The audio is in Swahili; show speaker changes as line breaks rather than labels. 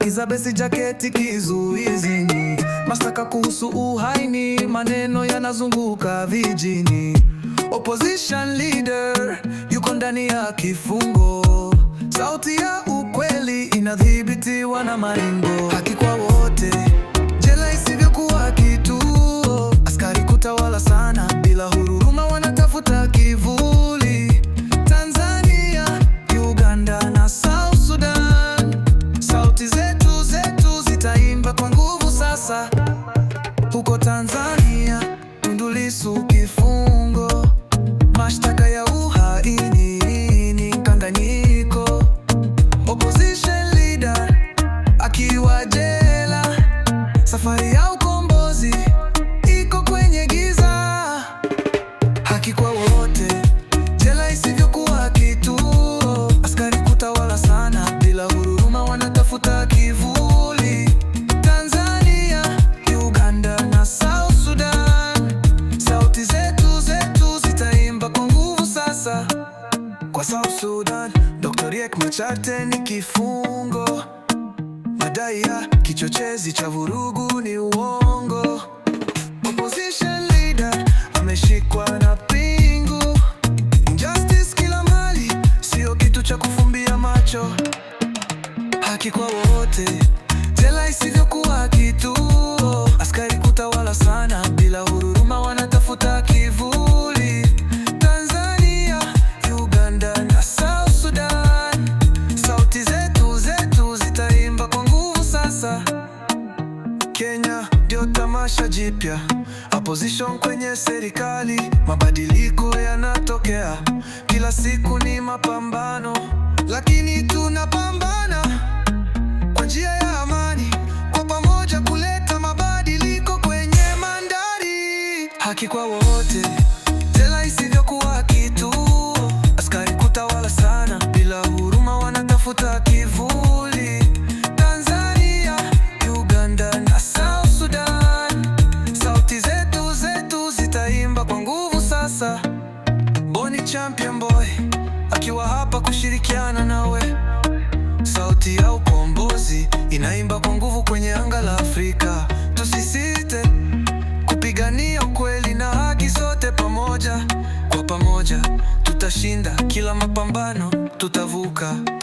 haki besi, jaketi kizuizini, mashtaka kuhusu uhaini, maneno yanazunguka vijini. Opposition leader yuko ndani ya kifungo, sauti ya ukweli inadhibitiwa na maringo. visu kifungo, mashtaka ya uhaini, kanganyiko, opposition leader akiwa jela, safari ya ukombozi iko kwenye giza, haki kwa wote, jela isivyokuwa kituo, askari kutawala sana bila huruma, wanatafuta Hassan, Dr. Riek macharte ni kifungo, madai ya kichochezi cha vurugu ni uongo, opposition leader ameshikwa na pingu, injustice kila mali, sio kitu cha kufumbia macho, haki kwa wote, jela isivyokuwa kituo, askari kutawala sana Kenya ndio tamasha jipya, opposition kwenye serikali, mabadiliko yanatokea kila siku, ni mapambano, lakini tunapambana kwa njia ya amani, kwa pamoja kuleta mabadiliko kwenye mandhari, haki kwa wote tela isivyokuwa kitu, askari kutawala sana bila huruma, wanatafuta ni champion boy, akiwa hapa kushirikiana nawe. Sauti ya ukombozi inaimba kwa nguvu kwenye anga la Afrika. Tusisite kupigania ukweli na haki, sote pamoja. Kwa pamoja tutashinda kila mapambano, tutavuka.